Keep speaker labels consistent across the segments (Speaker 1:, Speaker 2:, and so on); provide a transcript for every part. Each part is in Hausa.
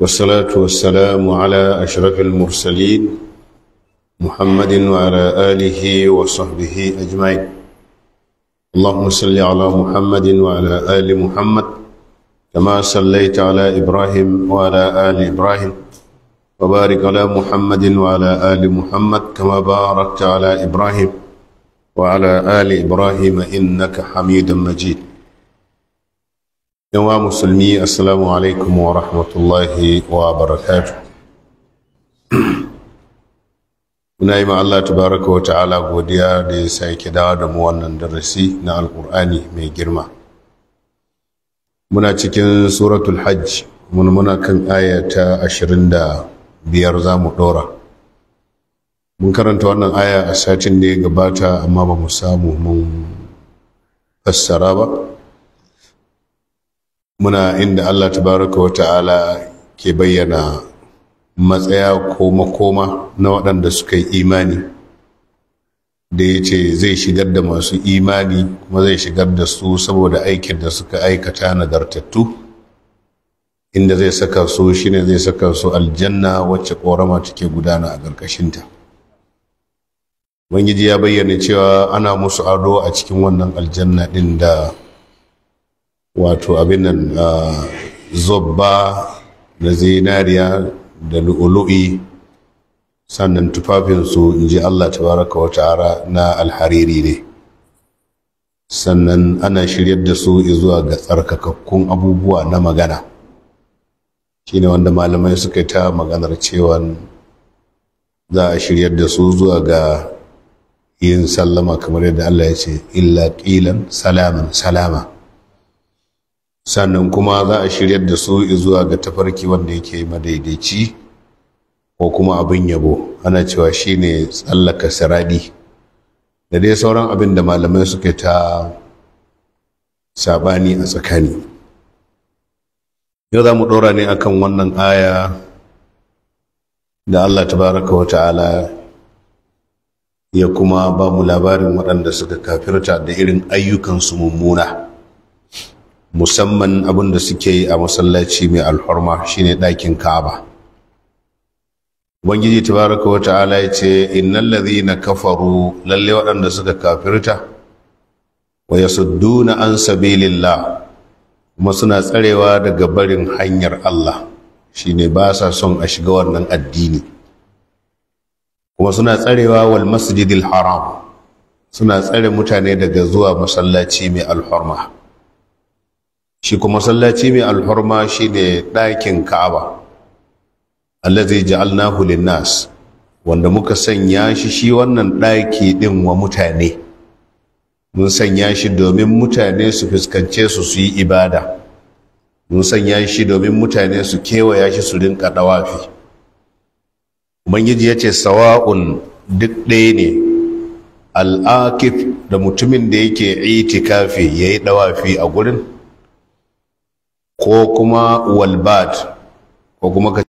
Speaker 1: والصلاة والسلام على أشرف المرسلين محمد وعلى آله وصحبه أجمعين اللهم صل على محمد وعلى آل محمد كما صليت على إبراهيم وعلى آل إبراهيم وبارك على محمد وعلى آل محمد كما باركت على إبراهيم وعلى آل إبراهيم إنك حميد مجيد yawa musulmi assalamu alaikum wa rahmatullahi wa barakatu muna yi Allah tabaraka wa ta'ala godiya da ya sake dawa da mu wannan darasi na alkur'ani mai girma muna cikin suratul hajj mun muna kan aya ta 25 za mu dora mun karanta wannan aya a satin da ya gabata amma ba mu samu mun fassara ba muna inda Allah tabaraka wa ta'ala ke bayyana matsaya koma-koma na waɗanda suka yi imani da ya ce zai shigar da masu imani kuma zai shigar da su saboda aikin da suka aikata nagartattu inda zai saka su shine zai saka su aljanna wacce ƙorama take gudana a ƙarƙashinta ubangiji ya bayyana cewa ana musu ado a cikin wannan aljanna ɗin da wato abin nan zobba na zinariya da lu'ulu'i sannan tufafinsu in ji Allah tabaraka wata ara, na alhariri ne sannan ana shiryar da su zuwa ga tsarkakakkun abubuwa na magana shine wanda malamai suka ta maganar cewa za a shiryar da su zuwa ga yin sallama kamar yadda Allah ya ce illa ƙilan salaman salama sannan kuma za a shiryar da su zuwa ga tafarki wanda yake madaidaici ko kuma abin yabo ana cewa shi ne tsallaka saradi. da dai sauran abin da malamai suke ta sabani a tsakani yau za mu ɗora ne akan wannan aya da Allah tabaraka wa ta'ala ya kuma ba mu labarin waɗanda suka kafirta da irin ayyukansu mummuna musamman abin da suke yi a masallaci mai alhorma shine ɗakin kaba ubangiji tabaraka wa ta'ala ya ce innal ladhina kafaru lalle waɗanda suka kafirta wa yasudduna an sabilillah kuma suna tsarewa daga barin hanyar Allah shine ba sa son a shiga wannan addini kuma suna tsarewa wal masjidil haram suna tsare mutane daga zuwa masallaci mai alhorma shi kuma Sallaci mai alhurma ne ɗakin ka'aba allazi ja'alnahu linnas wanda muka sanya shi shi wannan ɗaki ɗin wa mutane mun sanya shi domin mutane su fuskance su su yi ibada mun sanya shi domin mutane su kewaya shi su rinka ɗawafi ubangiji ya ce sawa'un duk ɗaya ne al'akif da mutumin da yake itikafi ya yi ɗawafi a gurin ko kuma walbad ko kuma ka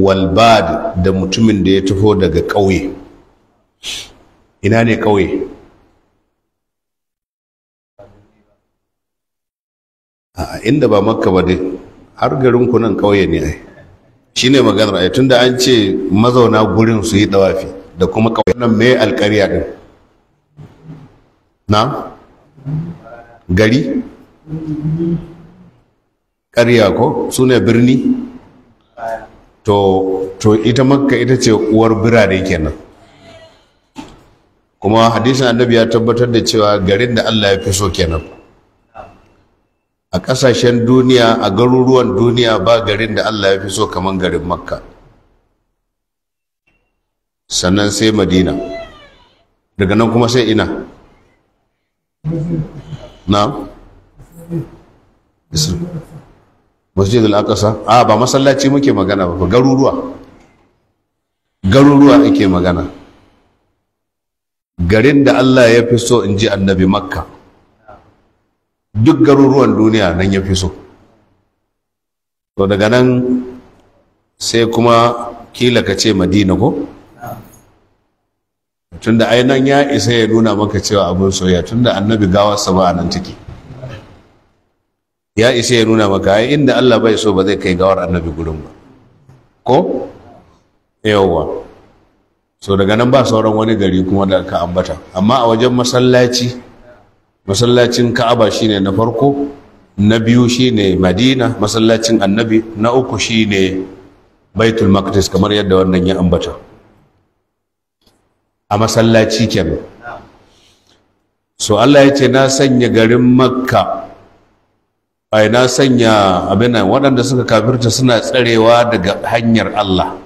Speaker 1: walbad da mutumin da ya tufo daga ƙauye ina ne ƙauye a inda ba makka ba dai har garin ku nan ƙauye ne ai shine maganar ai tunda an ce mazauna gurin su yi dawafi da kuma ƙauye nan me alƙarya din na gari ƙarya ko su ne birni to ita makka ita ce uwar birane kenan kuma hadisin annabi ya tabbatar da cewa garin da Allah ya fi so kenan a ƙasashen duniya a garuruwan duniya ba garin da Allah ya fi so kamar garin makka sannan sai madina daga nan kuma sai ina na masjidul aqsa a ba masallaci muke magana ba garuruwa garuruwa ake magana garin da Allah ya fi so in ji annabi makka duk garuruwan duniya nan ya fi so to daga nan sai kuma kila ka ce madina ko tunda ainihin ya isa ya nuna maka cewa abin soyayya tunda annabi gawarsa ba a nan take ya isa ya nuna maka ya inda Allah bai so ba zai kai gawar annabi gurin ba ko yawwa so daga nan ba sauran wani gari kuma da ka ambata amma a wajen masallaci masallacin Ka'aba shine na farko na biyu shine Madina masallacin annabi na uku shine Baitul Maqdis kamar yadda wannan ya ambata a masallaci kenan so Allah ya ce na sanya garin Makka ai na sanya abinan waɗanda suka kafirta suna tsarewa daga hanyar Allah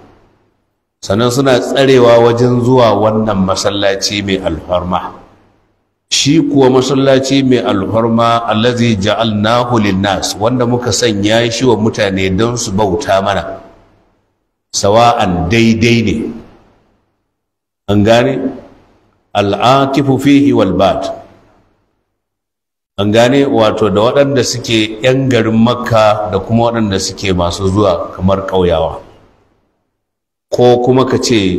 Speaker 1: sannan suna tsarewa wajen zuwa wannan masallaci mai alfarma shi kuwa masallaci mai alfarma allazi ja'alnahu lin-nas wanda muka sanya shi wa mutane don su bauta mana sawa'an daidai ne an gane al'akifu fihi wal bat an gane wato da waɗanda suke 'yan garin makka da kuma waɗanda suke masu zuwa kamar ƙauyawa ko kuma ka ce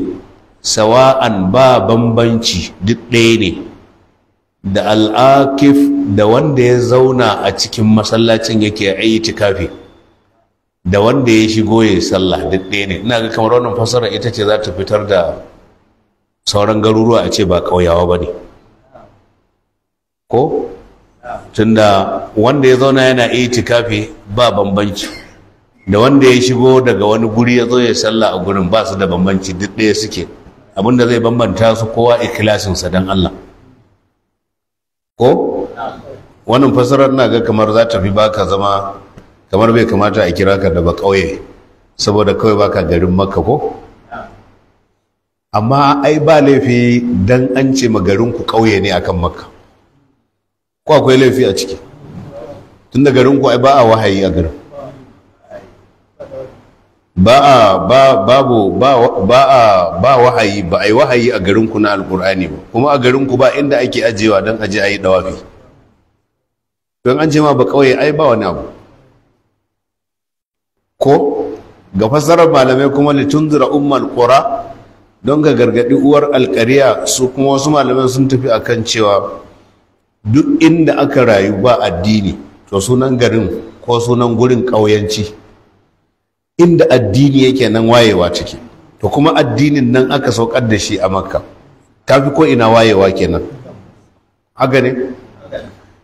Speaker 1: sawa'an ba bambanci duk ɗaya ne da al'akif da wanda ya zauna a cikin masallacin yake itikafi da wanda ya shigo ya sallah duk ɗaya ne ina ga kamar wannan fasara ita ce za ta fitar da sauran garuruwa a ce ba ƙauyawa ba ne ko tunda wanda ya zauna yana itikafi ba bambanci da wanda ya shigo daga wani guri ya zo ya sallah a gurin ba su da bambanci duk ɗaya suke da zai bambanta su kowa sa don Allah ko wannan fassarar na ga kamar za ta fi baka zama kamar bai kamata a kira ka da ba ƙauye saboda kawai baka garin maka ko amma ai ba laifi dan an ce ma garin ku ƙauye ne akan makka ko akwai laifi a ciki tun da garin ku ai ba a wahayi a garin ba a ba babu ba a ba wahayi ba ai wahayi a garin ku na alkur'ani ba kuma a garin ku ba inda ake ajewa don aje ayi dawafi don an ce ba kauye ai ba wani abu ko ga fassarar malamai kuma zura ummal kura don ga gargadi uwar alkariya su kuma wasu malamai sun tafi akan cewa duk inda aka rayu ba addini to sunan garin ko sunan gurin ƙauyanci inda addini yake nan wayewa ciki to kuma addinin nan aka saukar da shi a makka ta fi ko ina wayewa kenan haka ne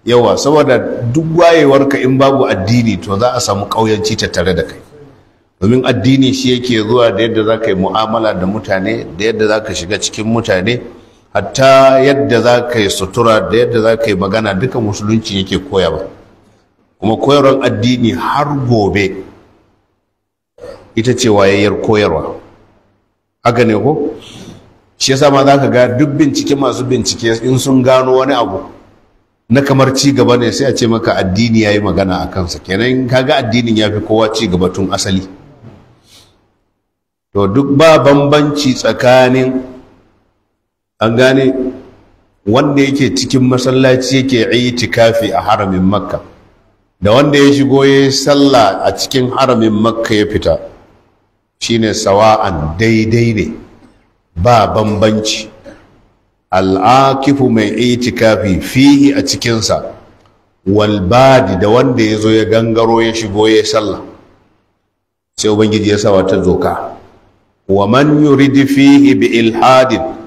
Speaker 1: yawa saboda duk wayewarka in babu addini to za a samu ƙauyanci tare da kai domin addini shi yake zuwa da yadda za ka yi mu'amala da mutane da yadda za ka shiga cikin mutane hatta yadda za ka yi sutura da yadda za ka yi magana duka musulunci yake ba? kuma koyarwar addini har gobe ita ce wayayyar koyarwa haka ne ko shi yasa ma za ka ga duk bincike masu bincike in sun gano wani abu na kamar ci gaba ne sai a ce maka addini ya yi magana a kansa kenan kaga addinin ya fi kowa ci gaba tun asali to duk ba bambanci tsakanin an gane wanda yake cikin masallaci yake itikafi a haramin makka da wanda ya shigo ya yi sallah a cikin haramin makka ya fita shine sawa'an daidai ne ba bambanci al'akifu mai itikafi fihi a cikinsa walbadi da wanda ya zo ya gangaro ya shigo ya sallah sai ubangiji ya sa wata zoka wa man yuridi fihi bi ilhadin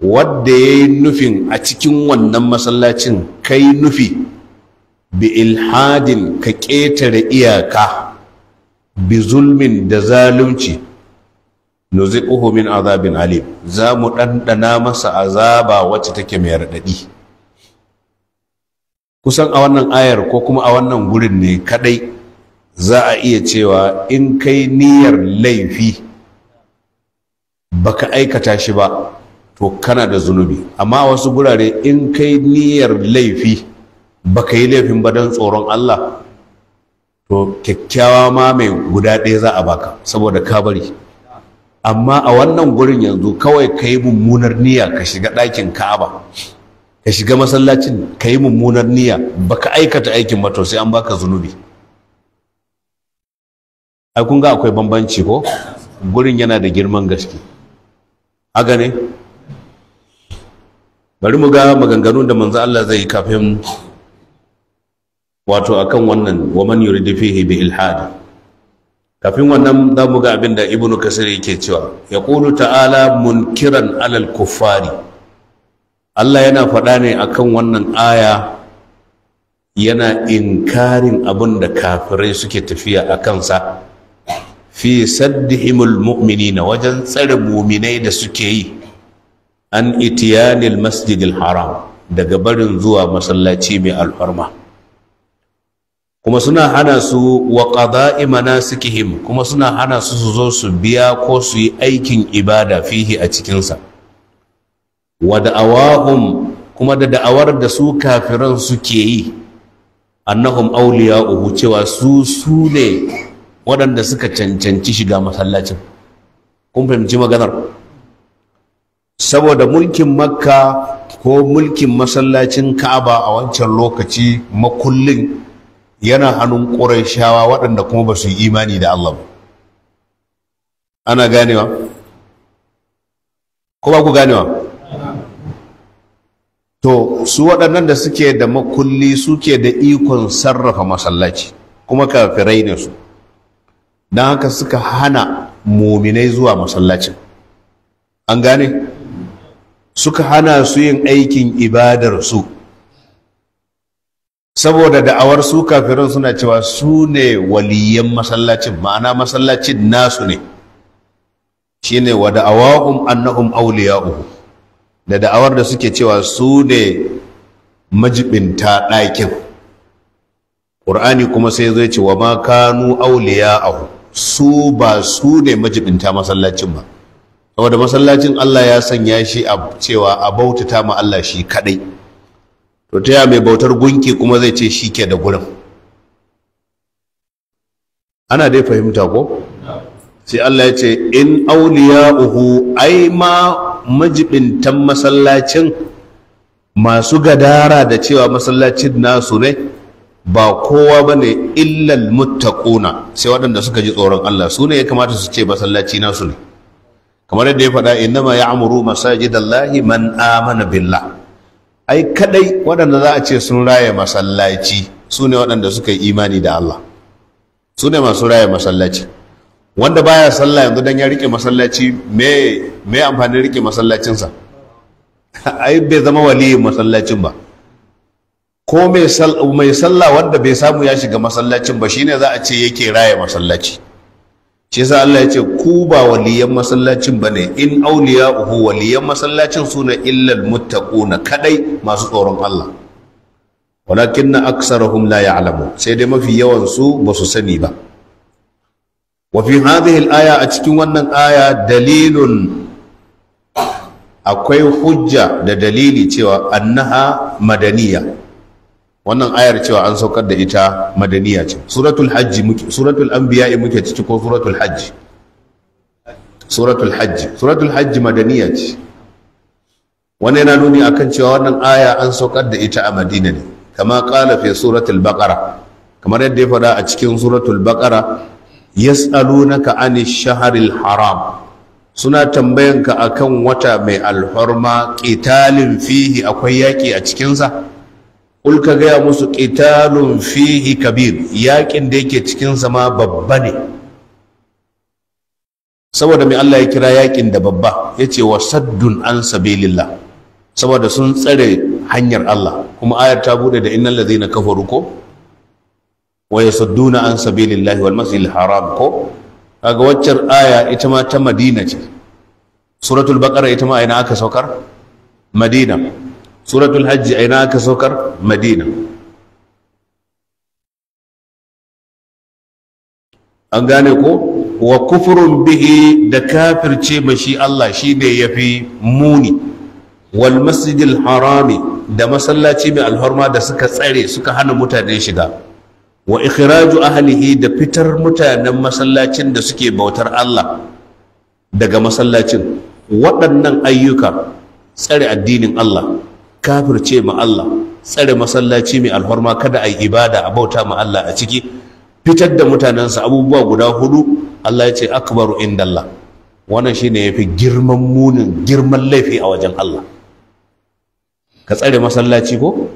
Speaker 1: wadda ya yi nufin a cikin wannan masallacin kai nufi bi ilhadin ka ƙetare iyaka bi zulmin da zalunci nuziquhu min azabin alim za mu ɗanɗana masa azaba wacce take mai raɗaɗi kusan a wannan ayar ko kuma a wannan gurin ne kaɗai za a iya cewa in kai niyyar laifi baka aikata shi ba to kana da zunubi amma wasu gurare in kai niyyar laifi baka yi laifin ba don tsoron Allah to kyakkyawa ma mai guda ɗaya za a baka saboda ka bari amma a wannan gurin yanzu kawai ka yi mummunar niyya ka shiga ɗakin ka'aba ka shiga masallacin ka yi mummunar niyya ba ka aikata aikin ba sai an baka zunubi ai kun ga akwai bambanci ko gurin yana da girman gaske haka ne bari mu ga maganganun da manzo Allah zai kafin wato akan wannan wa man yuridu fihi bi ilhadi kafin wannan za mu ga abin da ibnu kasir yake cewa ya qulu ta'ala munkiran alal kuffari Allah yana faɗa ne akan wannan aya yana inkarin abin da kafirai suke tafiya a kansa fi saddihimul mu'minina wajen tsare muminai da suke yi an itiyanil masjidil haram daga barin zuwa masallaci mai alfarma kuma suna hana su wa qada'i manasikihim kuma suna hana su su zo su biya ko su yi aikin ibada fihi a cikinsa wa da'awahum kuma da da'awar da su kafiran suke yi annahum awliya'uhu cewa su su ne waɗanda suka cancanci shiga masallacin kun fahimci maganar saboda mulkin makka ko mulkin masallacin ka'aba a wancan lokaci makullin yana hannun shawa waɗanda kuma ba su yi imani da Allah ba ana ganewa ko ba ku ganewa to su waɗannan da suke da makulli suke da ikon sarrafa masallaci kuma kafirai ne su don haka suka hana muminai zuwa masallacin an gane suka hana su yin aikin ibadarsu saboda da'awar su kafirin suna cewa su ne waliyan masallacin ma'ana masallacin nasu ne shi shine wa da'awa'un annahum auliya'u da da'awar da suke cewa su ne majibinta ɗakin ƙur'ani kuma sai zai ce wa ma kanu su ba su ne majibinta masallacin ba saboda masallacin Allah ya sanya shi a cewa a bautata ma Allah shi kadai to ta mai bautar gunki kuma zai ce shi ke da gurin ana dai fahimta ko sai Allah ya ce in auliya'uhu ai ma majibintan masallacin masu gadara da cewa masallacin nasu ne ba kowa ba ne illal muttaquna sai waɗanda suka ji tsoron Allah su ne ya kamata su ce masallaci nasu ne kamar yadda ya faɗa inna ma ya'muru masajidallahi man amana billah ai kadai waɗanda za a ce sun raye masallaci su ne waɗanda suka yi imani da Allah su ne masu raye masallaci wanda baya sallah yanzu dan ya rike masallaci me me amfanin rike masallacinsa ai bai zama waliyin masallacin ba ko mai sallah wanda bai samu ya shiga masallacin ba shine za a ce yake raye masallaci shi yasa Allah ya ce ku ba waliyan masallacin bane in uhu waliyan masallacin suna illal muttaquna kadai masu tsoron Allah walakin na aksarahum la ya'lamu sai dai mafi yawan su ba su sani ba wa fi hadhihi al-aya a cikin wannan aya dalilun akwai hujja da dalili cewa annaha madaniya wannan ayar cewa an saukar da ita madaniya ce suratul hajji muke suratul anbiya muke ciki ko suratul hajji suratul hajji suratul hajji madaniya ce Wani yana nuni akan cewa wannan aya an saukar da ita a madina ne kama qala fi suratul baqara kamar yadda ya faɗa a cikin suratul baqara yas'alunaka ani shaharil haram suna tambayanka akan wata mai alhurma qitalin fihi akwai yaki a cikinsa kul ka gaya musu qitalun fihi kabir yakin da yake cikin zama babba ne saboda mai Allah ya kira yakin da babba yace wa saddun an sabilillah saboda sun tsare hanyar Allah kuma ayar ta bude da innal ladhina kafaru ko wa yasudduna an sabilillah wal masjidil haram ko kaga waccar aya ita ma ta Madina ce suratul baqara ita ma ina aka saukar Madina suratul hajji ina aka saukar madina an gane ko wa kufurun bihi da kafirce mashi Allah shine yafi muni wal masjidil harami da masallaci mai alhorma da suka tsare suka hana mutane shiga wa ikhraju ahlihi da fitar mutanen masallacin da suke bautar Allah daga masallacin waɗannan ayyuka tsare addinin Allah kafirce ma Allah tsare masallaci mai alhorma kada a yi ibada a bauta ma Allah a ciki fitar da mutanensa abubuwa guda hudu Allah ya ce akbaru Allah. wannan shi ne ya fi girman munin girman laifi a wajen Allah ka tsare masallaci ko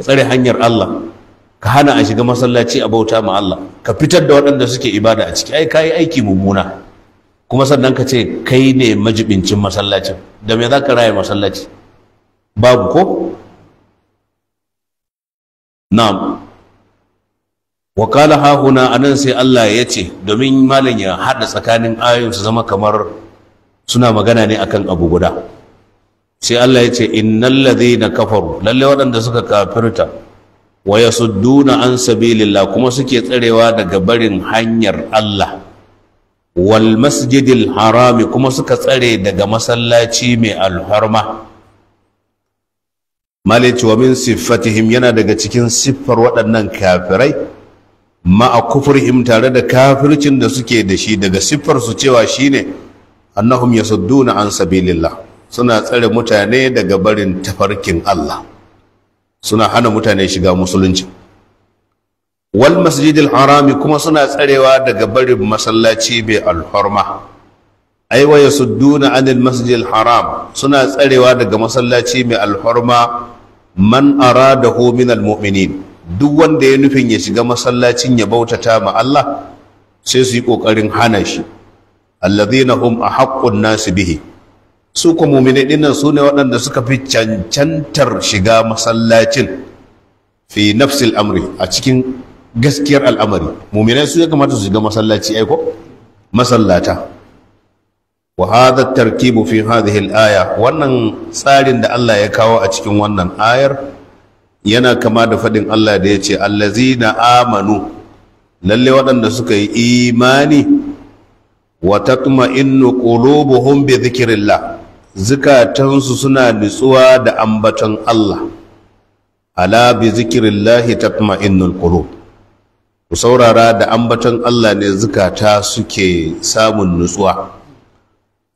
Speaker 1: ka tsare hanyar Allah ka hana a shiga masallaci a bauta ma Allah ka fitar da waɗanda suke ibada a ciki ai kai aiki mummuna kuma sannan ka ce kai ne majibincin masallacin da me za ka raye masallaci babu ko na'am wa qala ha huna anan sai Allah ya ce domin malam ya hada tsakanin ayoyin su zama kamar suna magana ne akan abu guda sai Allah ya ce innal ladhina kafaru lalle waɗanda suka kafirta wa yasudduna an sabilillah kuma suke tsarewa daga barin hanyar Allah wal masjidil harami kuma suka tsare daga masallaci mai alharma malici wa min siffatihim yana daga cikin siffar waɗannan kafirai ma'a kufurhim tare da kafircin da suke da shi daga siffar su cewa shine annahum yasudduna an sabilillah suna tsare mutane daga barin tafarkin Allah suna hana mutane shiga musulunci wal masjidil harami kuma suna tsarewa daga barin masallaci bai alhorma ai wa yasudduna anil masjidil haram suna tsarewa daga masallaci mai alhorma man aradahu min almu'minin duk wanda ya nufin ya shiga masallacin ya bautata ma Allah sai su yi kokarin hana shi alladhina hum ahaqqun nas bihi su ko mu'minai su ne waɗanda suka fi cancantar shiga masallacin fi nafsil amri a cikin gaskiyar al'amari mu'minai su ya kamata su shiga masallaci ai ko masallata wa hadha tartibu fi hadhihi al-aya wannan tsarin da Allah ya kawo a cikin wannan ayar yana kama da fadin Allah da yace allazina amanu lalle waɗanda suka yi imani wa tatma'innu qulubuhum bi dhikrillah zukatansu suna nutsuwa da ambaton Allah ala bi dhikrillah tatma'innul qulub ku saurara da ambaton Allah ne zukata suke samun nutsuwa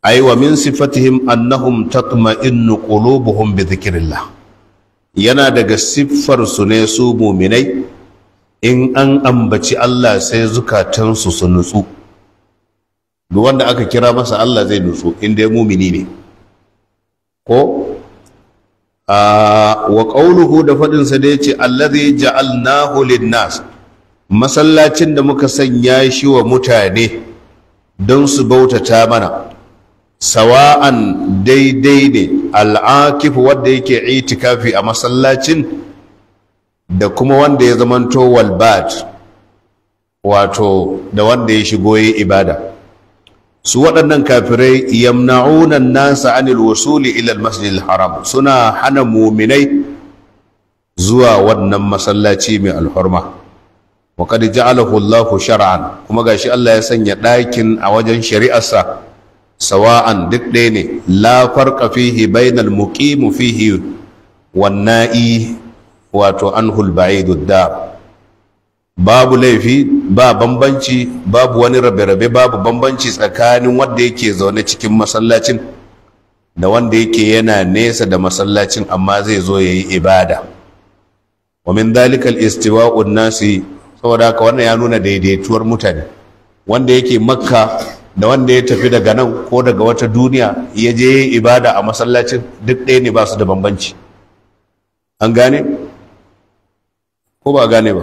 Speaker 1: ai wa min sifatihim annahum tatma'innu qulubuhum bi dhikrillah yana daga siffar su ne su muminai in an ambaci Allah sai zukatansu su nutsu duk wanda aka kira masa Allah zai nutsu in dai mumini ne ko wa qauluhu da fadin sa dai yace allazi ja'alnahu lin-nas masallacin da muka sanya shi wa mutane don su bautata mana sawa'an daidai ne al'akifu wanda yake itikafi a masallacin da kuma wanda ya zamanto walbat wato da wanda ya shigo yi ibada su waɗannan kafirai yamna'unan nasa anil wasuli ilal masjidil haram suna hana muminai zuwa wannan masallaci mai alhurma wa qad ja'alahu Allahu shar'an kuma gashi Allah ya sanya ɗakin a wajen shari'arsa sawa'an duk ɗaya ne la farqa fihi bainal muqimu fihi wan na'i wato anhul ba'idud dar babu laifi ba bambanci babu wani rabe-rabe babu bambanci tsakanin wanda yake zaune cikin masallacin da wanda yake yana nesa da masallacin amma zai zo ya yi ibada wa min dalikal al-istiwa'un saboda haka wannan ya nuna daidaituwar mutane wanda yake makka da wanda ya tafi daga nan ko daga wata duniya ya je ibada a masallacin duk ɗaya ne ba su da bambanci an gane ko ba gane ba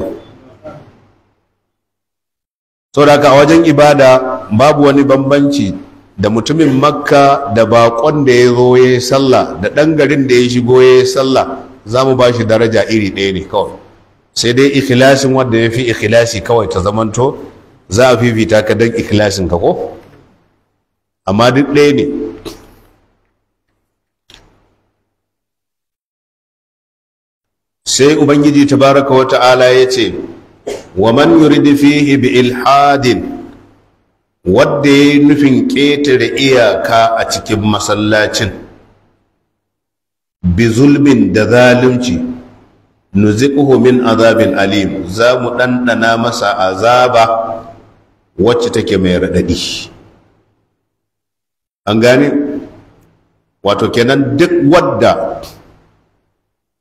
Speaker 1: saboda a wajen ibada babu wani bambanci da mutumin makka da bakon da ya zo ya yi sallah da ɗan garin da ya shigo ya yi sallah za mu ba shi daraja iri ɗaya ne kawai sai dai ikilashin wanda ya fi ikilashi kawai ta zamanto za a fifita ka don ikhlasin ka ko amma duk ɗaya ne sai ubangiji ta wa ta'ala ya ce wa man yuridi fihi bi ilhadin wadda ya yi nufin ƙetare iyaka a cikin masallacin bi zulmin da zalunci nuziquhu min azabin alim za mu ɗanɗana masa azaba wacce take mai raɗaɗi an gane wato kenan duk wadda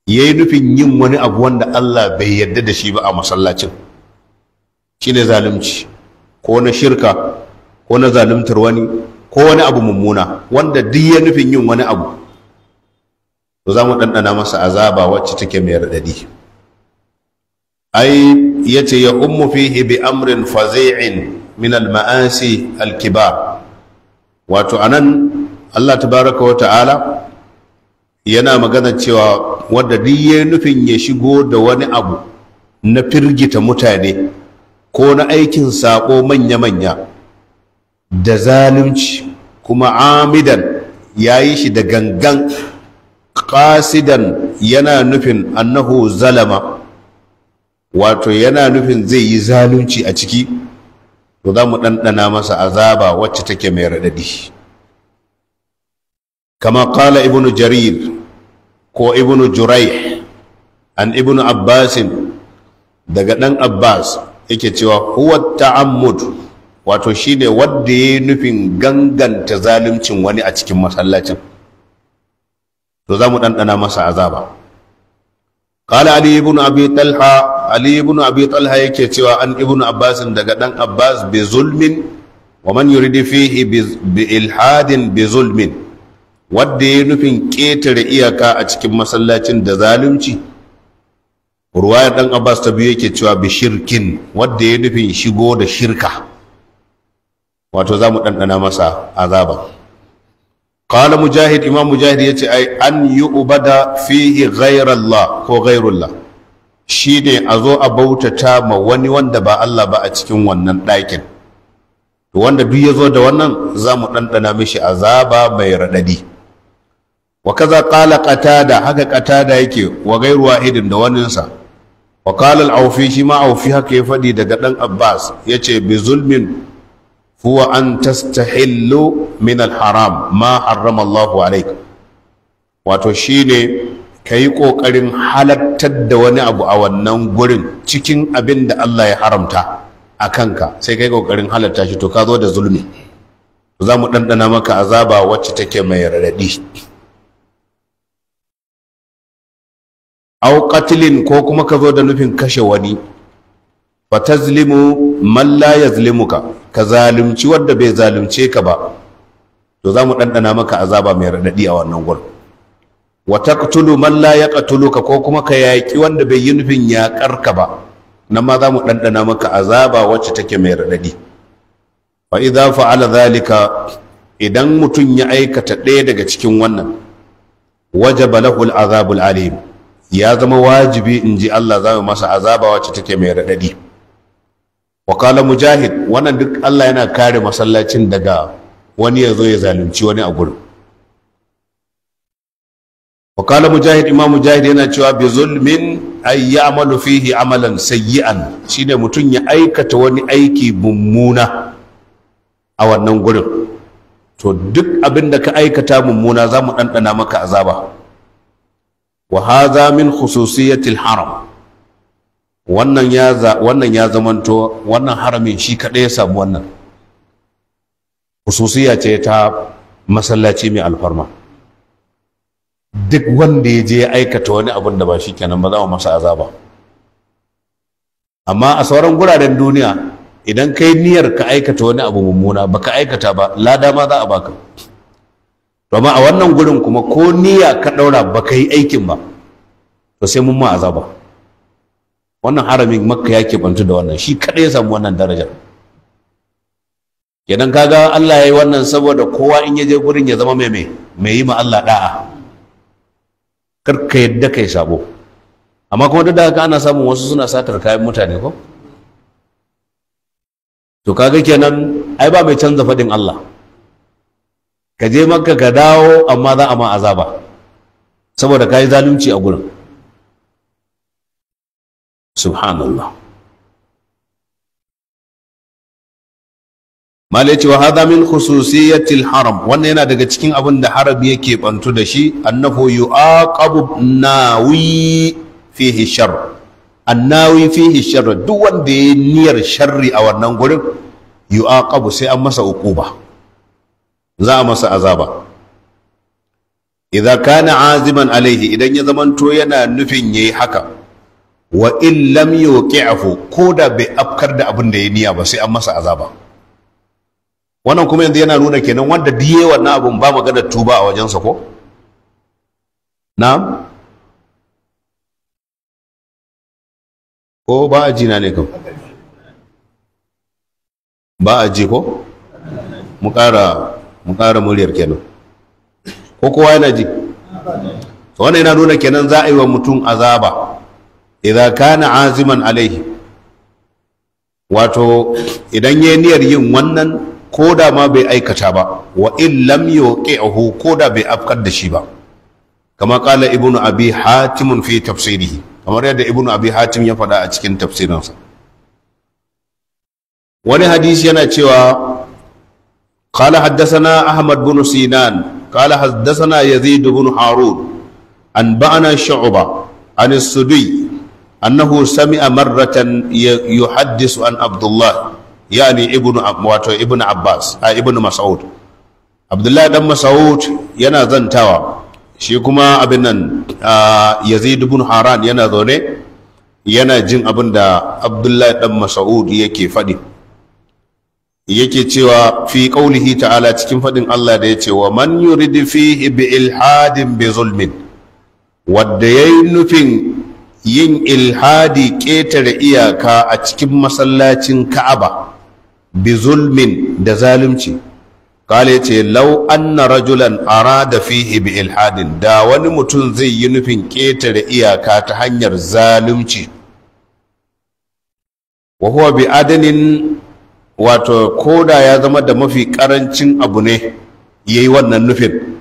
Speaker 1: ya yi nufin yin wani abu wanda Allah bai yarda da shi ba a masallacin shi ne zalimci ko na shirka ko na zaluntar wani ko wani abu mummuna wanda duk ya nufin yin wani abu to za mu ɗanɗana masa azaba wacce take mai raɗaɗi ai ya ce ya ummu fihi bi amrin fazi'in min al-ma'asi al-kibar wato anan Allah tabaraka wa ta'ala yana magana cewa wadda duk ya nufin ya shigo da wani abu na firgita mutane ko na aikin saƙo manya-manya da zalunci kuma amidan ya yi shi da gangan ƙasidan yana nufin annahu zalama wato yana nufin zai yi zalunci a ciki to za mu ɗanɗana masa azaba wacce take mai raɗaɗi kama ƙala ibnu jarir ko ibnu jurai an ibnu abbasin daga ɗan abbas yake cewa huwa ta'ammud wato shine wadda ya nufin ganganta zaluncin wani a cikin masallacin to za mu ɗanɗana masa azaba قال Ali بن Abi طلحة ali ibn abi talha yake cewa an ibn abbas daga dan abbas bi zulmin wa man yuridu fihi bi ilhadin bi zulmin ya nufin ƙetare iyaka a cikin masallacin da zalunci ruwaya dan abbas ta biyu yake cewa bi shirkin ya nufin shigo da shirka wato za mu ɗanɗana masa azaba قال مجاهد امام مجاهد يتي اي ان يعبد فيه غير الله كو غير الله shi ne a zo a bautata ma wani wanda ba Allah ba a cikin wannan ɗakin to wanda duk ya zo da wannan za mu ɗanɗana mishi azaba mai raɗaɗi wa kaza ƙala ƙatada haka ƙatada yake wa gairuwa idin da waninsa wa ƙalal aufi shi ma aufi haka ya faɗi daga ɗan abbas ya ce bi zulmin huwa an tastahillu min al-haram ma harrama Allahu alaik wato ne. ka yi ƙoƙarin halattar da wani abu a wannan gurin cikin abin da Allah ya haramta a kanka sai ka yi ƙoƙarin halatta shi to ka zo da zulmi za mu ɗanɗana maka azaba wacce take mai raɗaɗi au ko kuma ka zo da nufin kashe wani ba ta zulimu malla ya yazlimuka ka zalunci wadda bai zalunce ka ba to za mu ɗanɗana maka azaba mai raɗaɗi a wannan gurin wa taqtulu man la ka ko kuma ka yaƙi wanda bai yi nufin yaƙar ka ba nan ma za mu ɗanɗana maka azaba wacce take mai raɗaɗi fa idza fa'ala zalika idan mutum ya aikata ɗaya daga cikin wannan wajaba lahu al'azabul alim ya zama wajibi in ji Allah za mu masa azaba wacce take mai raɗaɗi wa qala mujahid wannan duk Allah yana kare masallacin daga wani ya zo ya zalunci wani a gurin وقال mujahid imam mujahid yana cewa bi zulmin ay ya'malu fihi amalan sayyi'an shine mutum ya aikata wani aiki mummuna a wannan gurin to duk abin da ka aikata mummuna zamu mu ɗanɗana maka azaba wa hadha min khususiyatil haram wannan ya wannan ya zamanto wannan haramin shi kaɗai ya samu wannan khususiya ce ta masallaci mai alfarma duk wanda ya je ya aikata wani abin da ba shi kenan ba za mu masa azaba amma a sauran guraren duniya idan kai niyyar ka aikata wani abu mummuna baka aikata ba lada ma za a baka to amma a wannan gurin kuma ko niyya ka daura baka yi aikin ba to sai mun ma azaba wannan haramin makka ya kebantu da wannan shi kaɗai ya samu wannan darajar kenan kaga Allah ya yi wannan saboda kowa in ya je gurin ya zama mai mai yi ma Allah da'a kar ka yadda kai sabo amma kuma duk da haka ana samun wasu suna satar kayan mutane ko to kaga kenan ai ba mai canza faɗin Allah ka je makka ka dawo amma za a ma azaba saboda ka yi zalunci a gurin subhanallah malai cewa hada min khususiyatil haram wannan yana daga cikin abin da harabi yake bantu da shi annahu yuaqabu nawi fihi sharr annawi fihi sharr duk wanda ya niyyar sharri a wannan gurin yuaqabu sai an masa uquba za a masa azaba idza kana aziman alaihi idan ya zamanto yana nufin yayi haka wa in lam yuqi'hu ko da bai afkar da abin da ya niyya ba sai an masa azaba wannan kuma yanzu yana nuna kenan wanda biye wannan abun ba magana tuba a wajensa ko na'am ko ba a ji na ne kam ba a ji ko mu ƙara mu ƙara muryar kenan ko kowa yana ji wannan yana nuna kenan za a yi wa mutum azaba idan kana aziman alaihi wato idan ya niyyar yin wannan ko da ma bai aikata ba wa in lam yuqi'hu ko da bai afkar da shi ba kama qala ibnu abi hatim fi tafsirihi kamar yadda ibnu abi hatim ya faɗa a cikin tafsirinsa wani hadisi yana cewa قال حدثنا أحمد بن سينان قال حدثنا يزيد بن هارون أنبأنا شعبة عن السدي أنه سمع مرة يحدث عن عبد الله yani ibnu wato ibnu abbas a ibnu mas'ud abdullahi dan mas'ud yana zantawa shi kuma abin nan yazid ibn haran yana zaune yana jin abin da abdullahi dan mas'ud yake faɗi yake cewa fi qaulihi ta'ala cikin faɗin Allah da yake wa man yurid fihi bi ilhadin bi zulmin wadda yayi nufin yin ilhadi ƙetare iyaka a cikin masallacin Ka'aba bi zulmin da zalunci kale ce lau anna rajulan arada fihi bi ilhadin da wani mutum zai yi nufin ƙetare iyaka ta hanyar zalunci wa huwa bi adanin wato koda ya zama da mafi ƙarancin abu ne yayi wannan nufin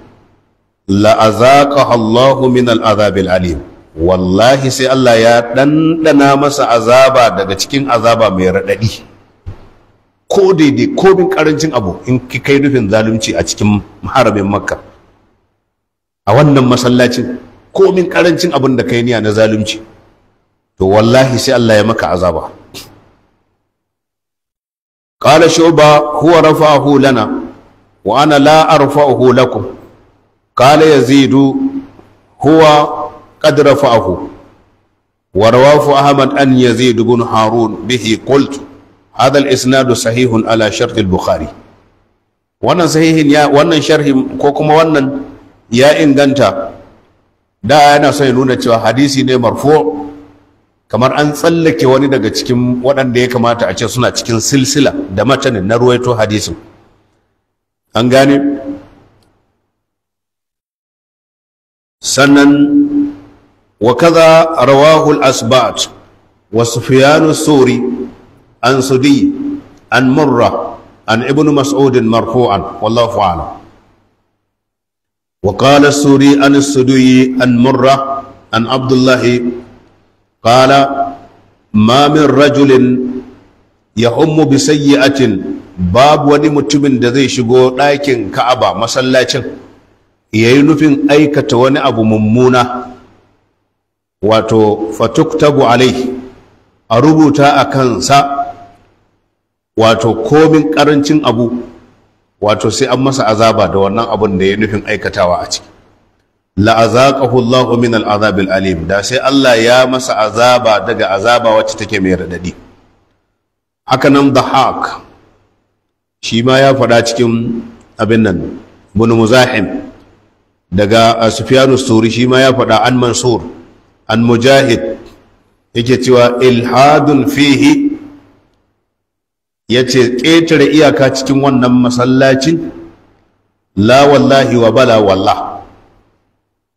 Speaker 1: la'azaqaha Allahu min al'azabil alim wallahi sai Allah ya ɗanɗana masa azaba daga cikin azaba mai raɗaɗi ko daidai ko bin karancin abu in kai rufin zalunci a cikin maharabin makka a wannan masallacin ko min karancin abin da kai niya na zalunci to wallahi sai Allah ya maka azaba qala shuba huwa rafa'ahu lana wa ana la arfa'uhu lakum qala yazidu huwa qad rafa'ahu rawafu Ahmad, an yazidu bin Harun bihi qultu hadal isnadu sahihun ala shartil bukhari wannan sahihin ya wannan sharhin ko kuma wannan ya inganta da yana son ya nuna cewa hadisi ne marfu? kamar an tsallake wani daga cikin waɗanda ya kamata a ce suna cikin silsila da matanin na ruwaito hadisin an gane sannan rawahul رواه الأسبات وسفيان الثوري an sudi an murra an Ibnu Mas'udin marfu'an wallahu a'lam wa qala suri an sudi an murra an abdullah qala ma min rajulin yahummu bi sayyi'atin babu wani mutumin da zai shigo ɗakin ka'aba masallacin ya yi nufin aikata wani abu mummuna wato fatuktabu alai a rubuta a kansa wato komin karancin abu wato sai an masa azaba da wannan abun da ya nufin aikatawa a ciki la'azaqahu Allahu min al'azabil alim da sai Allah ya masa azaba daga azaba wacce take mai radadi haka nan dhahak shi ma ya faɗa cikin abin nan bin muzahim daga sufyanu suri shi ma ya faɗa an mansur an mujahid yake cewa ilhadun fihi ya ce ƙetare iyaka cikin wannan masallacin la wallahi wa bala wallah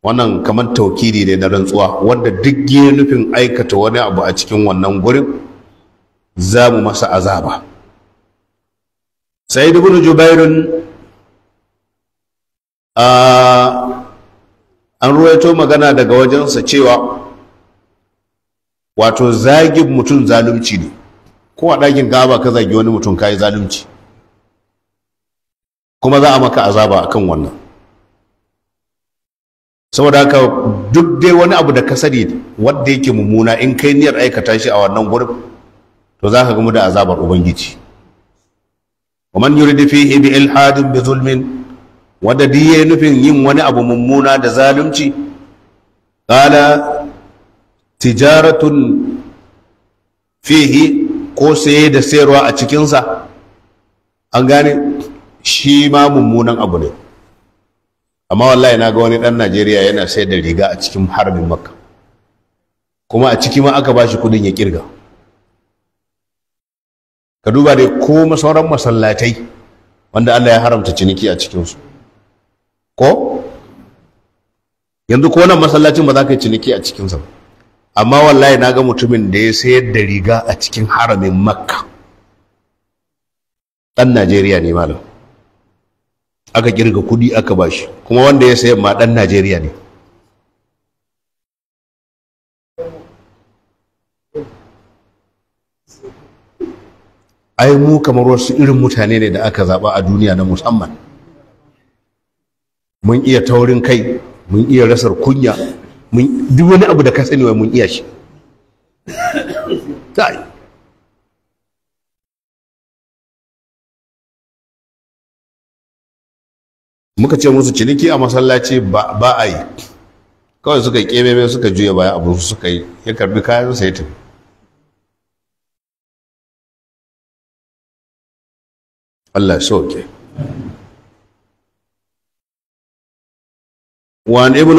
Speaker 1: wannan kamar taukiri ne na rantsuwa wanda duk ya nufin aikata wani abu a cikin wannan gurin za mu masa azaba sai ibn jubairun an ruwaito magana daga wajensa cewa wato zagin mutum zalunci ne ko a ɗakin gaba ka zagi wani mutum ka yi zalunci kuma za a maka azaba a kan wannan saboda haka duk dai wani abu da ka sani wadda yake mummuna in kai niyyar aikata shi a wannan gurin to za ka gamu da azabar ubangiji ومن bi فيه بإلحاد بظلم nufin yin wani abu mummuna da zalunci قال tijaratun fihi ko sai da sayarwa a cikinsa an gane shi ma mummunan abu ne amma wallahi na ga wani ɗan najeriya yana sayar da riga a cikin harbin makka kuma a ciki ma aka ba shi kudin ya kirga ka duba dai ko sauran masallatai wanda allah ya haramta ciniki a cikinsu ko yanzu ko nan masallacin ba za ka yi ciniki a cikinsa ba amma wallahi na ga mutumin da ya sayar da riga a cikin haramin makka ɗan najeriya ne malam aka kirga kudi aka bashi kuma wanda ya sayar ma ɗan najeriya ne ai mu kamar wasu irin mutane ne da aka zaba a duniya na musamman mun iya taurin kai mun iya rasar kunya duk wani abu da ka sani mun iya shi muka ce musu ciniki a masallaci ba a yi kawai suka yi kebebe suka juya baya abu suka yi ya karbi kayan sai tafi Allah sauke وعن ibn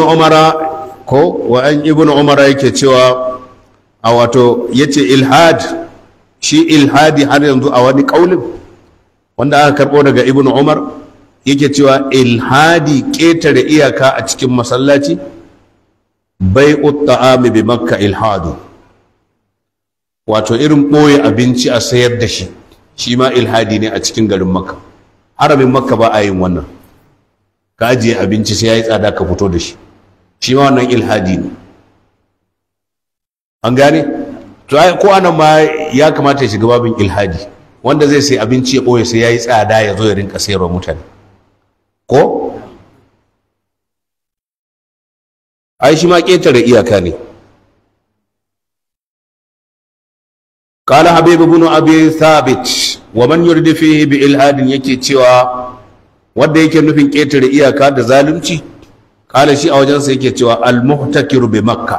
Speaker 1: ko wa an ibn umar yake cewa a wato yace ilhad shi ilhadi har yanzu a wani kaulin wanda aka karɓo daga ibn umar yake cewa ilhadi ƙetare iyaka a cikin masallaci bai ta'ami bi makka ilhadu wato irin ɓoye abinci a sayar da shi shi ma ilhadi ne a cikin garin makka haramin makka ba a yin wannan ka ajiye abinci sai ya yi tsada ka fito da shi shi ma wannan ilhadi ne an gane to ai ko anan ma ya kamata ya shiga babin ilhadi wanda zai sai abinci ya boye sai ya yi tsada ya zo ya rinka sayarwa mutane ko ai shi ma ƙetare iyaka ne قال حبيب بن ابي ثابت ومن يرد فيه بالحاد yake cewa wanda yake nufin ƙetare iyaka da zalunci kala shi a wajensa yake cewa al-muhtakir bi makka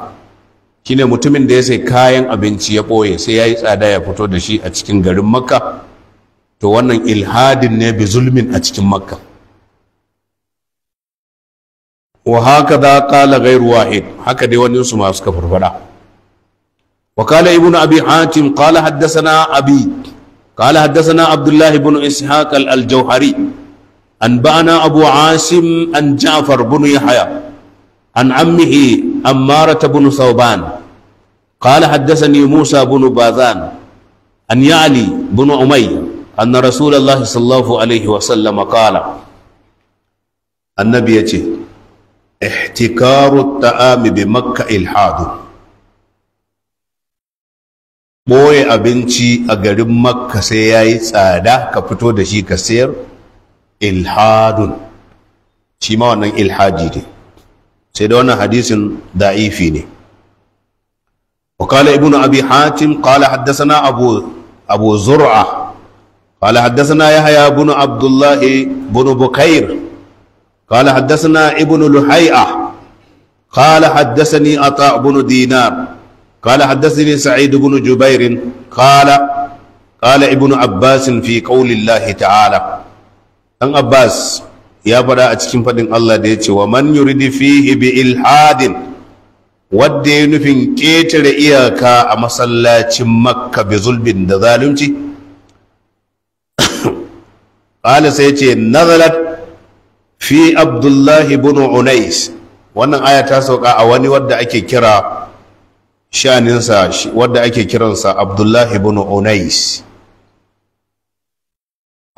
Speaker 1: shine mutumin da ya sai kayan abinci ya ɓoye sai ya yi tsada ya fito da shi a cikin garin makka to wannan ilhadin ne bi zulmin a cikin makka wa haka za kala gairu wa'id haka dai wani su masu kafar fada wa kala ibn abi hatim kala haddasa na abi haddasa na abdullahi ibn ishaq al-jauhari أنبأنا أبو عاصم عن جعفر بن يحيى عن عمه أمارة بن ثوبان قال حدثني موسى بن باذان أن يعلي بن أمية أن رسول الله صلى الله عليه وسلم قال النبي يتي احتكار الطعام بمكة إلحاد ɓoye abinci a garin makka sai ya yi tsada ka fito da shi ka sayar ilhadun shi ma wannan ilhadi ne sai da wannan hadisin da'ifi ne وقال ابن أبي حاتم قال حدثنا أبو أبو زرعة قال حدثنا يحيى بن عبد الله بن بكير قال حدثنا ابن لحيئة قال حدثني عطاء بن دينار قال حدثني سعيد بن جبير قال قال ابن عباس في قول الله تعالى Ɗan abbas ya faɗa a cikin faɗin allah da ya ce wa man yuridi fihi bi ilhadin wadda ya nufin ƙetare iyaka a masallacin makka bi zulbin da zalunci ƙala sai ce nazalat fi abdullahi bin unais wannan aya ta sauka a wani wadda ake kira sha'aninsa wadda ake kiransa abdullahi bin unais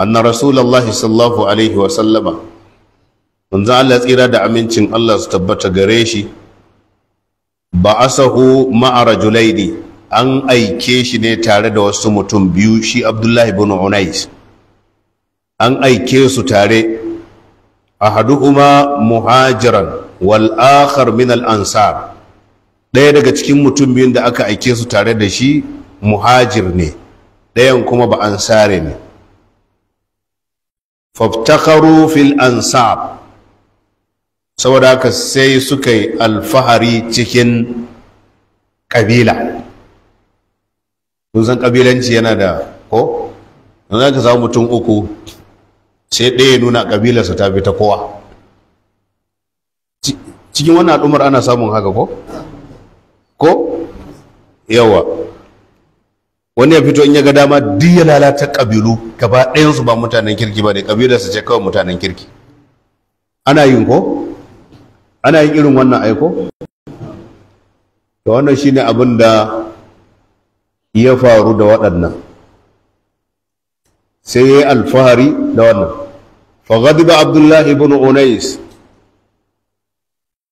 Speaker 1: anna rasulullahi sallallahu alaihi wa sallama manzo Allah tsira da amincin Allah su tabbata gare shi ba asahu ma'a rajulaini an aike shi ne tare da wasu mutum biyu shi Abdullahi ibn Unais an aike su tare ahaduhuma muhajiran wal akhar min al ansar ɗaya daga cikin mutum biyun da aka aike su tare da shi muhajir ne ɗayan kuma ba ansare ne fabtakaru fil ansab saboda haka sai suka yi alfahari cikin ƙabila san ƙabilanci yana da ko yanzu aka samu mutum uku sai ɗaya nuna ƙabilarsa ta fi ta kowa cikin wannan al'ummar ana samun haka ko ko yawa wani ya fito in ya ga dama duk ya lalata ƙabilu gaba ɗayansu ba mutanen kirki ba ne ƙabilarsa ce kawai mutanen kirki ana yin ko ana yin irin wannan aiko to wannan shine abin da ya faru da waɗannan sai ya yi alfahari da wannan faghadiba abdullahi ibn unais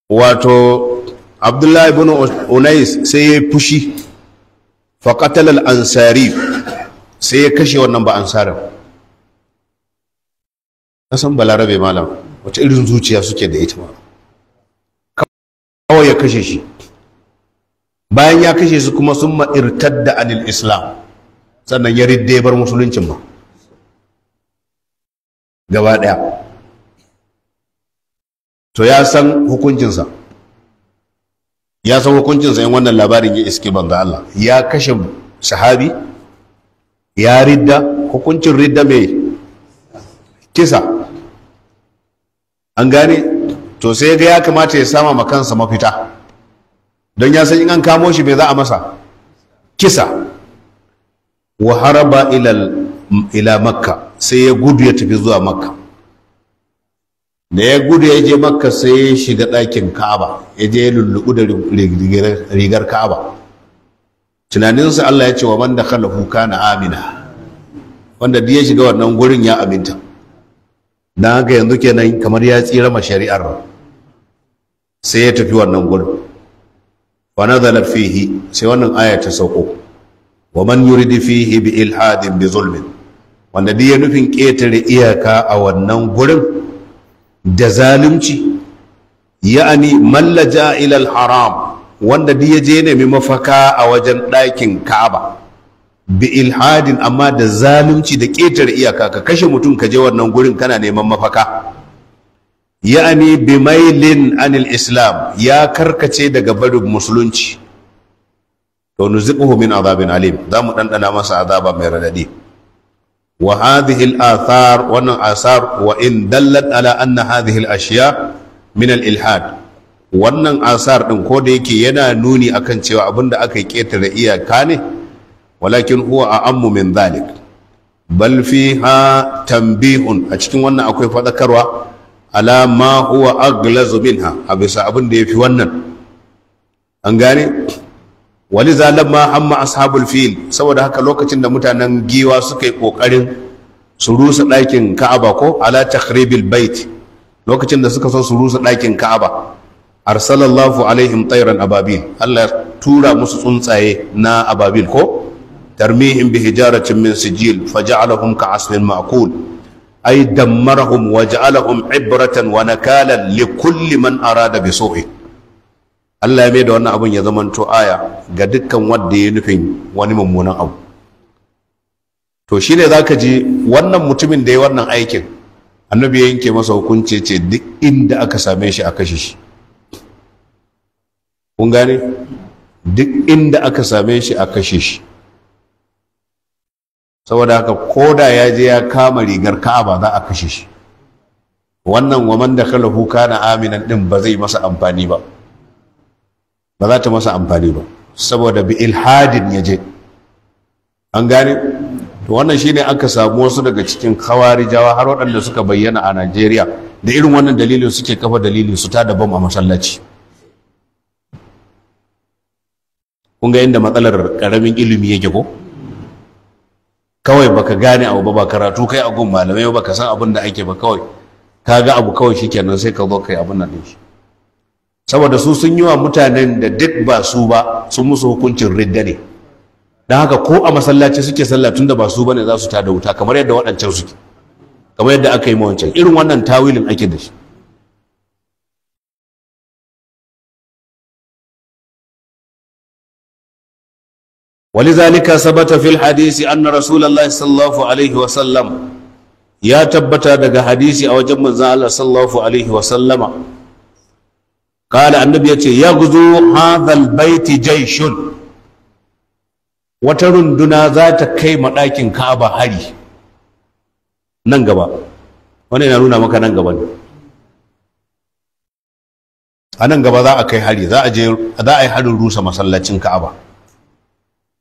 Speaker 1: wato abdullahi ibn unais sai ya yi fushi faƙatal al'ansari sai ya kashe wannan ba ansarin Bala balarabe malam wata irin zuciya suke da ita ma kawai ya kashe shi bayan ya kashe su kuma sun ma'irtar da anil islam sannan ya ridde bar musuluncin ma gaba ɗaya to ya san hukuncinsa ya san hukuncin sayan wannan labarin ya iske banza Allah ya kashe sahabi ya ridda hukuncin ridda mai kisa an gane to sai ga ya kamata ya sama ma kansa mafita don ya san in an kamo shi bai za a masa kisa wa haraba ila makka sai ya gudu ya tafi zuwa makka da ya gudu ya je makka sai ya shiga ɗakin kaba ya je ya lullubu da rigar ka'aba tunaninsa Allah ya ce wa man da kana amina wanda duk ya shiga wannan gurin ya aminta dan haka yanzu kenan kamar ya tsira ma shari'ar sai ya tafi wannan gurin wa nazala fihi sai wannan aya ta sauko wa man yurid fihi bi ilhadin bi zulmin wanda duk ya nufin ƙetare iyaka a wannan gurin da zalunci ya'ani mallaja ilal haram wanda duk ya je nemi mafaka a wajen ɗakin ka'aba bi ilhadin amma da zalunci da ƙetare iyaka ka kashe mutum ka je wannan gurin kana neman mafaka ya'ani bi mailin anil islam ya karkace daga barin musulunci to nuziquhu min azabin alim za mu ɗanɗana masa azaba mai radadi wa hadhihi al wannan asar wa in dallat ala anna hadhihi ashiya ilhad wannan asar din ko da yake yana nuni akan cewa abinda aka da iyaka ne walakin huwa a'ammu min zalik bal ha tambihun. a cikin wannan akwai fadakarwa ala ma huwa aglazu minha a bisa abin da fi wannan an gane zalar lamma hamma ashabul fil saboda haka lokacin da mutanen giwa suka yi kokarin su rusa ɗakin ka'aba ko ala takhribil bait lokacin da suka so su rusa ɗakin ka'aba arsalallahu alaihim tayran ababil Allah ya tura musu tsuntsaye na ababil ko tarmihim bi hijaratin min sijil faja'alahum ka'asfin ma'kul ay dammarahum wa ibratan wa nakalan likulli man arada bi su'i Allah ya mai da wannan abin ya zamanto aya ga dukkan wanda ya nufin wani mummunan abu to shi ne za ka ji wannan mutumin da ya wannan aikin annabi ya yanke masa hukunci ce duk inda aka same shi a kashe shi kun gane duk inda aka same shi a kashe shi saboda haka koda ya je ya kama rigar ka'aba za a kashe shi wannan waman da kalahu kana aminan din ba zai masa amfani ba ba za ta masa amfani ba saboda bi ilhadin ya je an gane to wannan shine aka samu wasu daga cikin jawa har waɗanda suka bayyana a Najeriya da irin wannan dalilin suke kafa dalilin su ta daban a masallaci kun ga inda matsalar ƙaramin ilimi yake ko kawai baka gane abu ba karatu kai a gun malamai ba ka san abin da ake ba kawai ka ga abu kawai shikenan sai ka zo kai abin nan shi saboda su sun yi wa mutanen da duk ba su ba sun musu hukuncin ridda ne don haka ko a masallaci suke sallah tunda ba su bane za su tada wuta kamar yadda waɗancan suke kamar yadda aka yi wancan irin wannan tawilin ake da shi ولذلك ثبت في الحديث أن رسول الله صلى الله عليه وسلم يا تبتا دغ حديثي أو جمع الله صلى الله عليه وسلم kala annabi ya ce ya guzo hazal baiti jaishun wata runduna za ta kai maɗakin ka'aba hari nan gaba wani yana nuna maka nan gaba ne a nan gaba za a kai hari za a je za a yi harin rusa masallacin ka'aba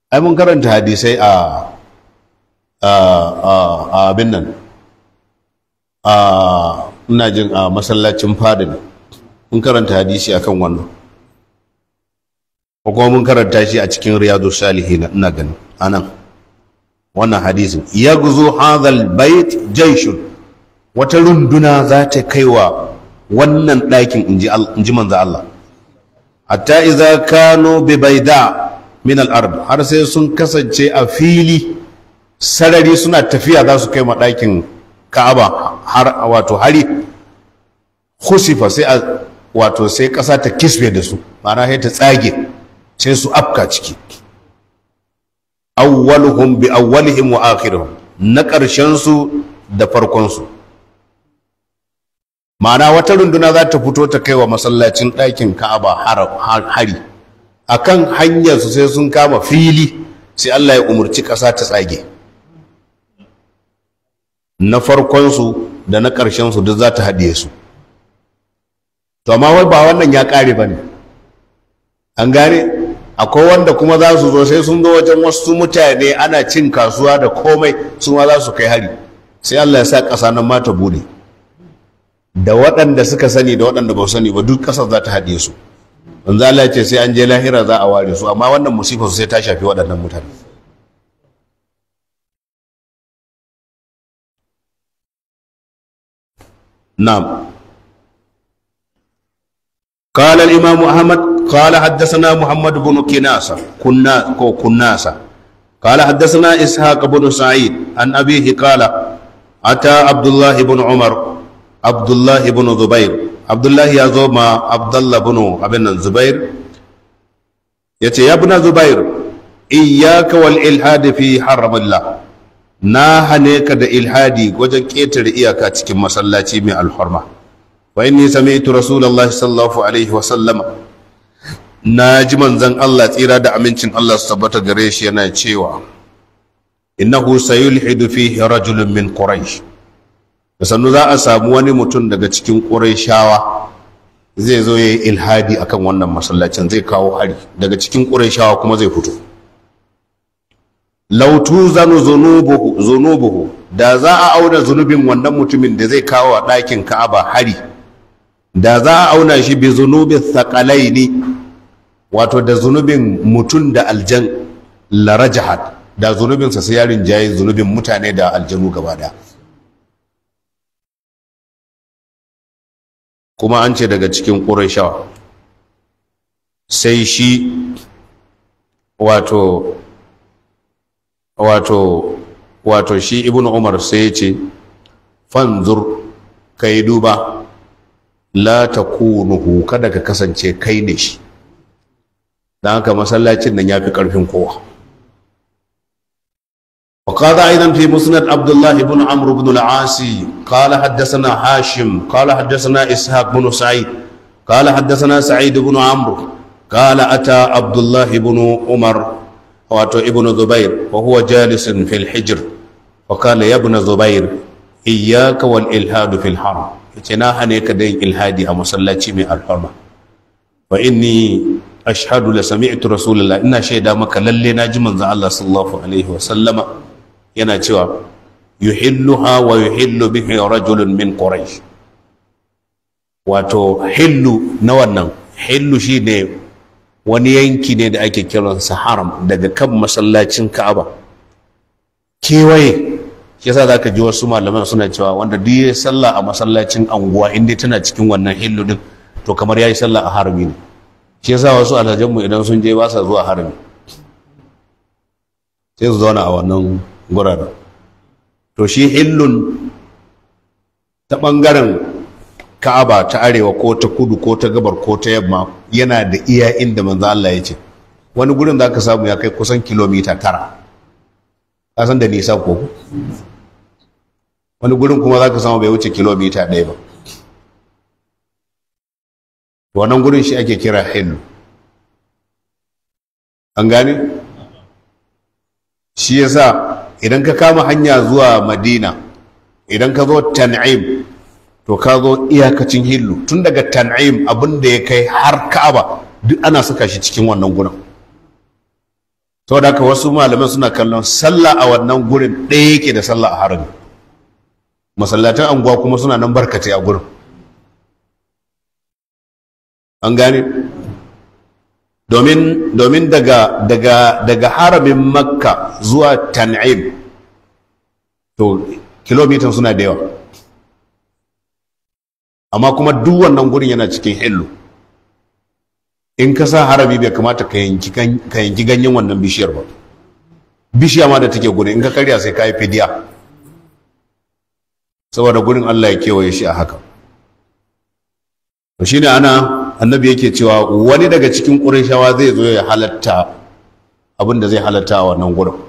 Speaker 1: ai mun karanta hadisai a a abin nan a ina jin a masallacin fada ne mun karanta hadisi akan wannan mun karanta shi a cikin riyadu salihin ina gani anan wannan hadisin guzo hadhal bait jayshun wata runduna za ta kaiwa wannan ɗakin in ji manzo Allah hatta idza kanu bi baida min al har sai sun kasance a fili sarari suna tafiya za su kai ma ɗakin Ka'aba har wato hari khusifa sai a wato sai ƙasa ta kisbe da su ma'ana sai ta tsage sai su afka ciki awwaluhum bi awwalihim wa akhiruhum na ƙarshen su da farkon su ma'ana wata runduna za ta fito ta kai wa masallacin ɗakin Ka'aba hari akan hanyar su sai sun kama fili sai Allah ya umurci ƙasa ta tsage na farkon su da na ƙarshen su duk za ta haɗiye su to amma wai ba wannan ya kare ba ne an gane akwai wanda kuma za su zo sai sun zo wajen wasu mutane ana cin kasuwa da komai su ma za su kai hari sai Allah ya sa ƙasa nan ma ta bude da waɗanda suka sani da waɗanda ba su sani ba duk ƙasar za ta haɗe su in za ce sai an je lahira za a ware su amma wannan musifa su sai ta shafi waɗannan mutane Na. قال الإمام أحمد قال حدثنا محمد بن كناسة كنا كناسة قال حدثنا إسحاق بن سعيد عن أبيه قال أتى عبد الله بن عمر عبد الله بن زبير عبد الله يا زوما عبد الله بن أبن زبير يتي يا ابن زبير إياك والإلحاد في حرم الله na hane ka da ilhadi wajen ƙetare iyaka cikin masallaci mai alhorma wa inni sami'tu rasulullahi sallallahu alaihi wa sallama na ji manzon Allah tsira da amincin Allah su tabbata gare shi yana cewa innahu sayulhidu fihi rajulun min quraish da sannu za a samu wani mutum daga cikin qurayshawa zai zo yayi ilhadi akan wannan masallacin zai kawo hari daga cikin qurayshawa kuma zai fito lautu zanu zunubuhu da za a auna zunubin wannan mutumin da zai kawo a ɗakin ka'aba hari da za a auna shi bi zunubin ne, wato da zunubin mutum da aljan lara da zunubin sa sai jayi zunubin mutane da aljanu gaba da. kuma an ce daga cikin qurayshawa sai shi wato wato wato shi ibnu umar sai ya ce fanzur yi duba لا تكونه kada ka kasance kai ne shi dan haka masallacin nan yafi karfin kowa وقال ايضا في مسند عبد الله بن عمرو بن العاص قال حدثنا هاشم قال حدثنا اسحاق بن سعيد قال حدثنا سعيد بن عمرو قال اتى عبد الله بن عمر واتو ابن زبير وهو جالس في الحجر وقال يا ابن زبير اياك والالهاد في الحرم yace na hane ka da yin ilhadi a masallaci mai alfarma fa inni ashhadu la sami'tu rasulullah ina shaida maka lalle na ji manzon Allah sallallahu alaihi wa sallama yana cewa yuhilluha wa yuhillu bihi rajulun min quraish wato hillu na wannan hillu shine wani yanki ne da ake kiransa haram daga kan masallacin Ka'aba kewaye shi za ka ji wasu malaman suna cewa wanda duk ya sallah a masallacin anguwa inda tana cikin wannan hillu din to kamar ya yi sallah a harami ne shi wasu alhajjanmu idan sun je ba sa zuwa harami sai su zauna a wannan guraren to shi hillun ta bangaren Ka'aba ta arewa ko ta kudu ko ta gabar ko ta yamma yana da iya inda manzo Allah ya ce wani gurin zaka samu ya kai kusan kilomita tara ka san da nisa ko wani gurin kuma za ka samu bai wuce kilomita ɗaya ba wannan gurin shi ake kira hillu an gane shi yasa idan ka kama hanya zuwa madina idan ka zo tan'im to ka zo iyakacin hillu tun daga tan'im abin da ya kai har ka'aba duk ana saka shi cikin wannan gurin da haka wasu malaman suna kallon sallah a wannan gurin ɗaya yake da sallah a harami masallatan anguwa kuma suna nan barkace a gurin an gane domin daga haramin makka zuwa tan'im to kilomitan suna da yawa amma kuma duk wannan gurin yana cikin hillu in ka sa harabi bai kamata ka yanki ganyen wannan bishiyar ba bishiya ma da take gudun in ka karya sai ka yi fidiya saboda gurin Allah ya kewaye shi a haka shi ne ana annabi yake cewa wani daga cikin shawa zai zo ya halatta abin zai halatta a wannan gudun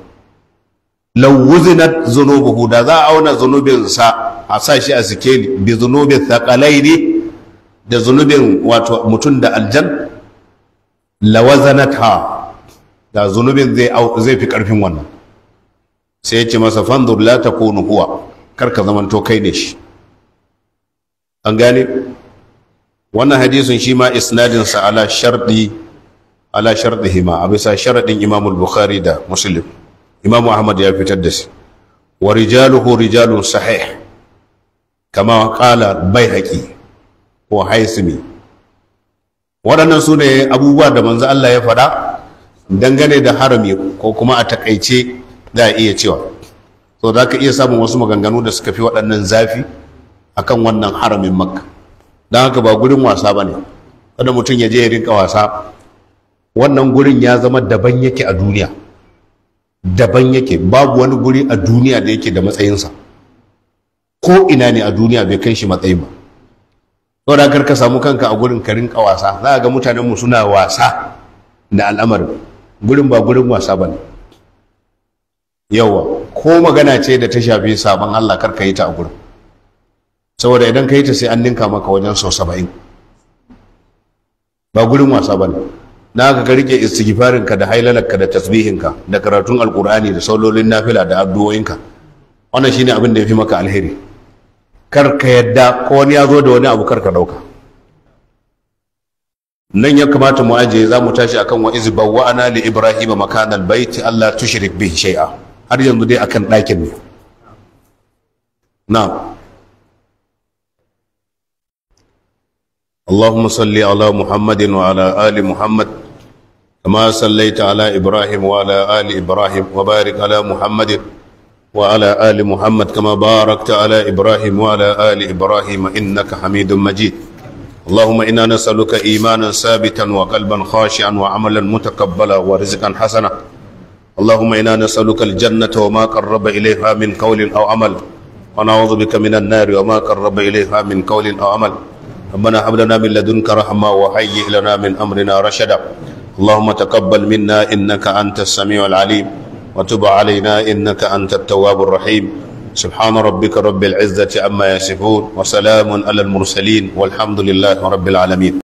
Speaker 1: lawuzinat zunubuhu da za a auna zunubinsa a sa shi a sike bi zunubin ne da zunubin wato mutum da aljan lawazanatha da zunubin zai fi karfin wannan sai ya ce masa fanzur la takunu huwa kar ka zamanto kai ne shi an gane wannan hadisin shi ma sa ala shardi ala sharɗihima a bisa sharaɗin imamu bukhari da muslim Imam ahmad ya fitar da shi wa rijaluhu rijalun sahih kama qala bai ko haisimi waɗannan su ne abubuwa da manzo Allah ya faɗa dangane da harami ko kuma a takaice za a iya cewa so za ka iya samun wasu maganganu da suka fi waɗannan zafi a kan wannan haramin makka don haka ba gurin wasa ba ne wanda mutum ya je ya rinka wasa wannan gurin ya zama daban yake a duniya daban yake babu wani guri a duniya da yake da matsayinsa ko ina ne a duniya bai kai shi matsayin ba saboda kar ka samu kanka a gurin ka rinka wasa za ga mutanenmu suna wasa da al'amarin gurin ba gurin wasa ba ne yawa ko magana ce da ta shafi sabon Allah kar ka yi ta a gurin saboda idan ka yi ta sai an ninka maka wajen sau saba'in ba gurin wasa ba ne na ka rike istighfarinka da hailalarka da tasbihinka da karatun alkur'ani da saulolin nafila da addu'o'inka wannan shine abin da ya fi maka alheri kar ka yadda ko wani ya zo da wani abu kar ka ɗauka nan ya kamata mu ajiye za mu tashi akan wa iz bawwa'ana li ibrahima makanal baiti allah tushrik bihi shay'a har yanzu dai akan ɗakin ne na'am اللهم صل ala محمد وعلى آل محمد كما صليت على إبراهيم وعلى آل إبراهيم وبارك ala Muhammadin. وعلى آل محمد كما باركت على إبراهيم وعلى آل إبراهيم إنك حميد مجيد اللهم إنا نسألك إيمانا ثابتا وقلبا خاشعا وعملا متقبلا ورزقا حسنا اللهم إنا نسألك الجنة وما قرب إليها من قول أو عمل ونعوذ بك من النار وما قرب إليها من قول أو عمل ربنا هب لنا من لدنك رحمة وهيئ لنا من أمرنا رشدا اللهم تقبل منا إنك أنت السميع العليم وتب علينا إنك أنت التواب الرحيم سبحان ربك رب العزة عما يصفون وسلام على المرسلين والحمد لله رب العالمين